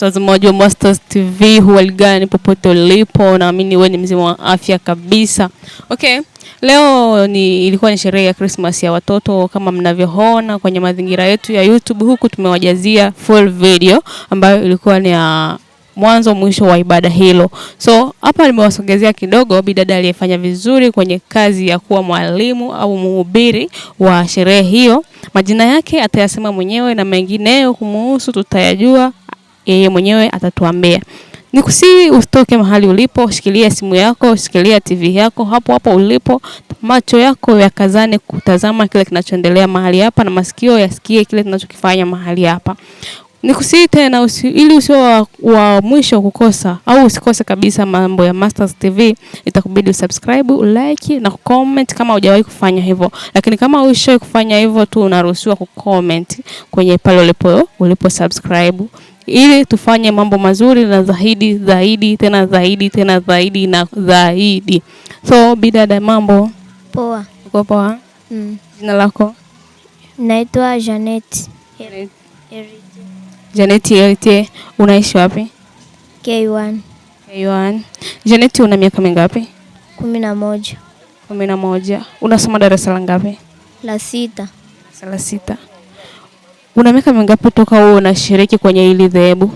Mtazamaji wa Masters TV, huhali gani popote ulipo, naamini wewe ni mzima wa afya kabisa. Okay, leo ni ilikuwa ni sherehe ya Christmas ya watoto kama mnavyoona kwenye mazingira yetu ya YouTube huku tumewajazia full video ambayo ilikuwa ni ya mwanzo mwisho wa ibada hilo. So hapa nimewasogezea kidogo bidada aliyefanya vizuri kwenye kazi ya kuwa mwalimu au mhubiri wa sherehe hiyo. Majina yake atayasema mwenyewe na mengineyo kumuhusu tutayajua yeye mwenyewe atatuambia. Nikusihi usitoke mahali ulipo, shikilia simu yako, shikilia TV yako hapo hapo ulipo, macho yako yakazane kutazama kile kinachoendelea mahali hapa, na masikio yasikie kile tunachokifanya mahali hapa. Nikusii tena usi, ili usio wa, wa mwisho kukosa au usikose kabisa mambo ya Mastaz TV, itakubidi usubscribe, ulike na kucomment kama hujawahi kufanya hivyo, lakini kama uishawahi kufanya hivyo tu unaruhusiwa kucomment kwenye pale ulipo ulipo subscribe ili tufanye mambo mazuri na zaidi zaidi tena zaidi tena zaidi na zaidi. So bidada, mambo poa? Uko poa? Mm. Jina lako? Naitwa Janet Janet. Eric. Janeti yote unaishi wapi? K1. K1. Janeti una miaka mingapi? kumi na moja. kumi na moja. Unasoma darasa la ngapi? La sita. Darasa la sita. Una miaka mingapi toka wewe unashiriki kwenye hili dhehebu?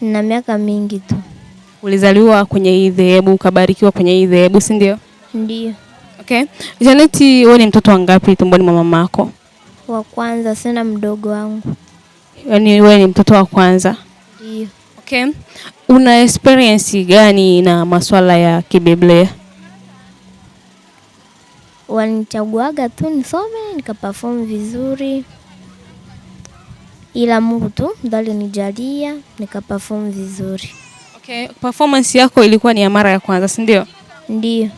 Na miaka mingi tu. Ulizaliwa kwenye hii dhehebu ukabarikiwa kwenye hii dhehebu, si ndio? Ndio. Okay. Janeti, wewe ni mtoto wangapi tumboni mwa mamako? Wa kwanza, sina mdogo wangu yani wewe ni mtoto wa kwanza? Ndio. Okay. Una experience gani na masuala ya kibiblia? Wanichaguaga tu nisome nikaperform vizuri, ila Mungu tu ndo alinijalia nikaperform vizuri. Okay. Performance yako ilikuwa ni ya mara ya kwanza, si ndio? Ndio.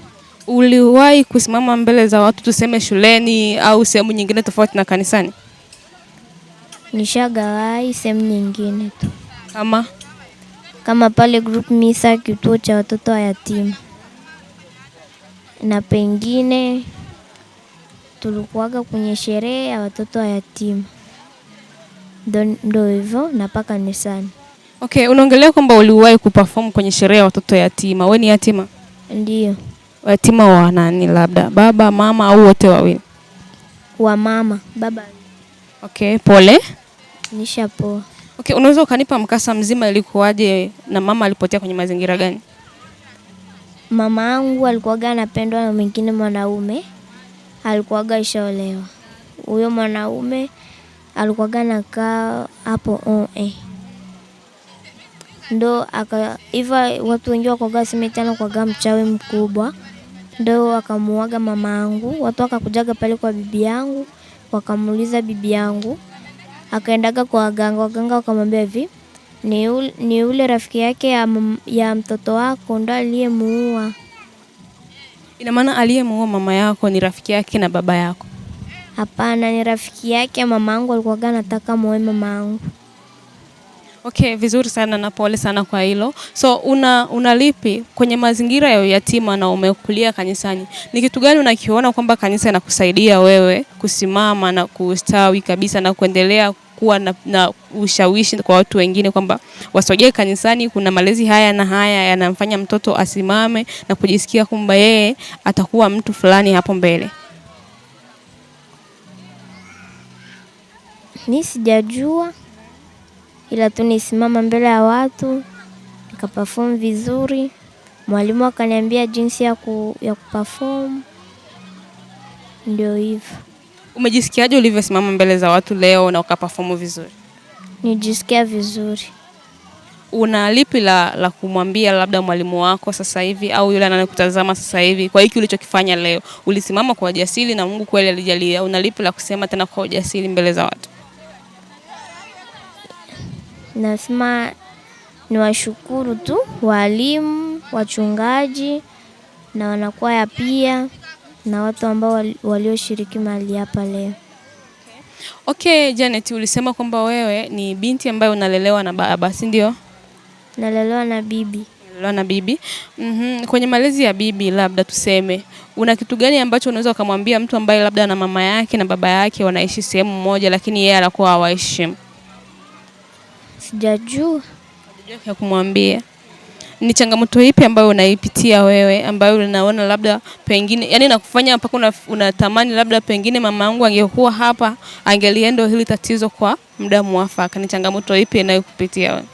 Uliwahi kusimama mbele za watu, tuseme shuleni au sehemu nyingine tofauti na kanisani? nishagawai sehemu nyingine tu kama kama pale group misa, kituo cha watoto wa yatima, na pengine tulikuwaga kwenye sherehe ya watoto wa yatima, ndo hivyo na paka sana Okay, unaongelea kwamba uliwahi kuperform kwenye sherehe ya watoto yatima. Wewe ni yatima? Ndio. Yatima wa nani? Labda baba, mama au wote wawili? Wa mama. Baba Okay, pole. Nishapoa. Okay, unaweza ukanipa mkasa mzima ilikuwaje na mama alipotea kwenye mazingira gani? Mama yangu alikuwaga anapendwa na mwingine mwanaume, alikuwaga ishaolewa. Huyo mwanaume alikuwaga nakaa hapo oe, ndo aka hivyo, watu wengi wakwaga semetana kwaga mchawi mkubwa, ndo akamuaga mama yangu, watu wakakujaga pale kwa bibi yangu wakamuuliza bibi yangu, akaendaga kwa waganga, waganga wakamwambia hivi ni ni ule rafiki yake ya, ya mtoto wako ndo aliyemuua. Ina maana aliyemuua mama yako ni rafiki yake na baba yako? Hapana, ni rafiki yake mamangu, alikuwa anataka muoe mamangu. Okay, vizuri sana na pole sana kwa hilo. So una, una lipi kwenye mazingira ya uyatima na umekulia kanisani, ni kitu gani unakiona kwamba kanisa inakusaidia wewe kusimama na kustawi kabisa na kuendelea kuwa na, na ushawishi kwa watu wengine kwamba wasogee kanisani, kuna malezi haya na haya yanamfanya mtoto asimame na kujisikia kwamba yeye atakuwa mtu fulani hapo mbele? Ni sijajua ila tu nisimama mbele ya watu nikaperform vizuri. Mwalimu akaniambia jinsi ya, ku, ya kuperform. Ndio hivyo. Umejisikiaje ulivyosimama mbele za watu leo na ukaperform vizuri? Nijisikia vizuri. Una lipi la, la kumwambia labda mwalimu wako sasa hivi au yule anayekutazama sasa hivi kwa hiki ulichokifanya leo? Ulisimama kwa ujasiri na Mungu kweli alijalia. Una lipi la kusema tena kwa ujasiri mbele za watu? Nasema niwashukuru tu walimu, wachungaji na wanakwaya pia na watu ambao walioshiriki mahali hapa leo. Okay, Janet ulisema kwamba wewe ni binti ambayo unalelewa na baba, si ndio? Nalelewa na bibi. Nalelewa na bibi. Mm -hmm. Kwenye malezi ya bibi labda tuseme, una kitu gani ambacho unaweza ukamwambia mtu ambaye labda na mama yake na baba yake wanaishi sehemu moja lakini yeye anakuwa hawaishi? Sijajua. Sijajua kwa kumwambia. Ni changamoto ipi ambayo unaipitia wewe ambayo unaona labda pengine yani nakufanya mpaka unatamani labda pengine mama yangu angekuwa hapa angeliendo hili tatizo kwa muda mwafaka. Ni changamoto ipi inayokupitia wewe?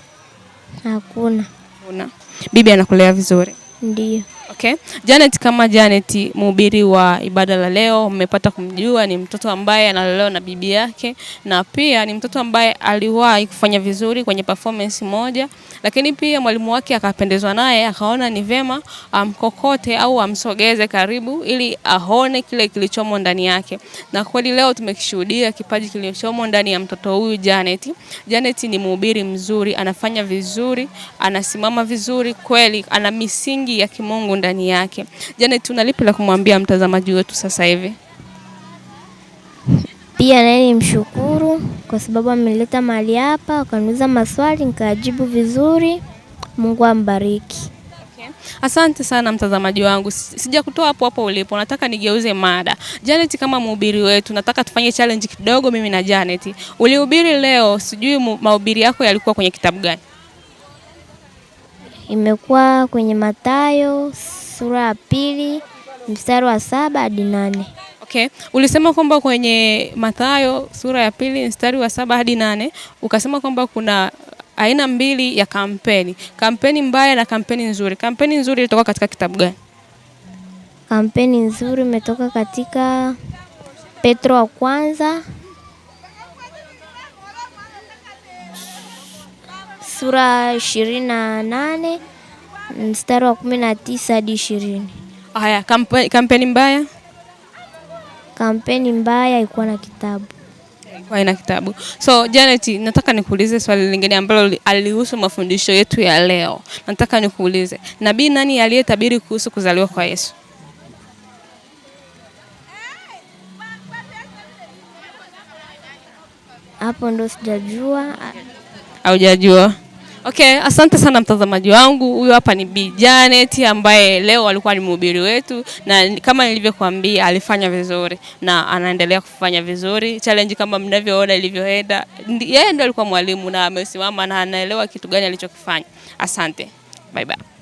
Hakuna. Hakuna. Bibi anakulea vizuri? Ndiyo. Okay. Janet kama Janet mhubiri wa ibada la leo, mmepata kumjua ni mtoto ambaye analelewa na bibi yake na pia ni mtoto ambaye aliwahi kufanya vizuri kwenye performance moja, lakini pia mwalimu wake akapendezwa naye, akaona ni vema amkokote au amsogeze karibu ili aone kile kilichomo ndani yake, na kweli leo tumekishuhudia kipaji kilichomo ndani ya mtoto huyu Janet. Janet ni mhubiri mzuri, anafanya vizuri, anasimama vizuri, kweli ana misingi ya kimungu Mungu ndani yake. Janet, tuna lipi la kumwambia mtazamaji wetu sasa hivi? Pia naye mshukuru kwa sababu ameleta mali hapa, akaniuliza maswali nikajibu vizuri. Mungu ambariki. Asante sana mtazamaji wangu, sijakutoa hapo hapo ulipo, nataka nigeuze mada. Janet, kama mhubiri wetu, nataka tufanye challenge kidogo, mimi na Janet. Ulihubiri leo, sijui mahubiri yako yalikuwa kwenye kitabu gani? imekuwa kwenye Mathayo sura ya pili mstari wa saba hadi nane. Okay. Ulisema kwamba kwenye Mathayo sura ya pili mstari wa saba hadi nane ukasema kwamba kuna aina mbili ya kampeni, kampeni mbaya na kampeni nzuri. Kampeni nzuri ilitoka katika kitabu gani? Kampeni nzuri imetoka katika Petro wa kwanza sura ishirini na nane mstari wa kumi na tisa hadi ishirini. Haya, kampeni, kampeni mbaya kampeni mbaya ilikuwa na kitabu ilikuwa ina kitabu. So Janet, nataka nikuulize swali lingine ambalo alihusu mafundisho yetu ya leo. Nataka nikuulize, nabii nani aliyetabiri kuhusu kuzaliwa kwa Yesu? Hapo ndo sijajua. Haujajua? Okay, asante sana mtazamaji wangu. Huyu hapa ni Bi Janet ambaye leo alikuwa ni mhubiri wetu, na kama nilivyokuambia alifanya vizuri na anaendelea kufanya vizuri. Challenge kama mnavyoona ilivyoenda, yeye ndiye alikuwa mwalimu na amesimama na anaelewa kitu gani alichokifanya. Asante, bye bye.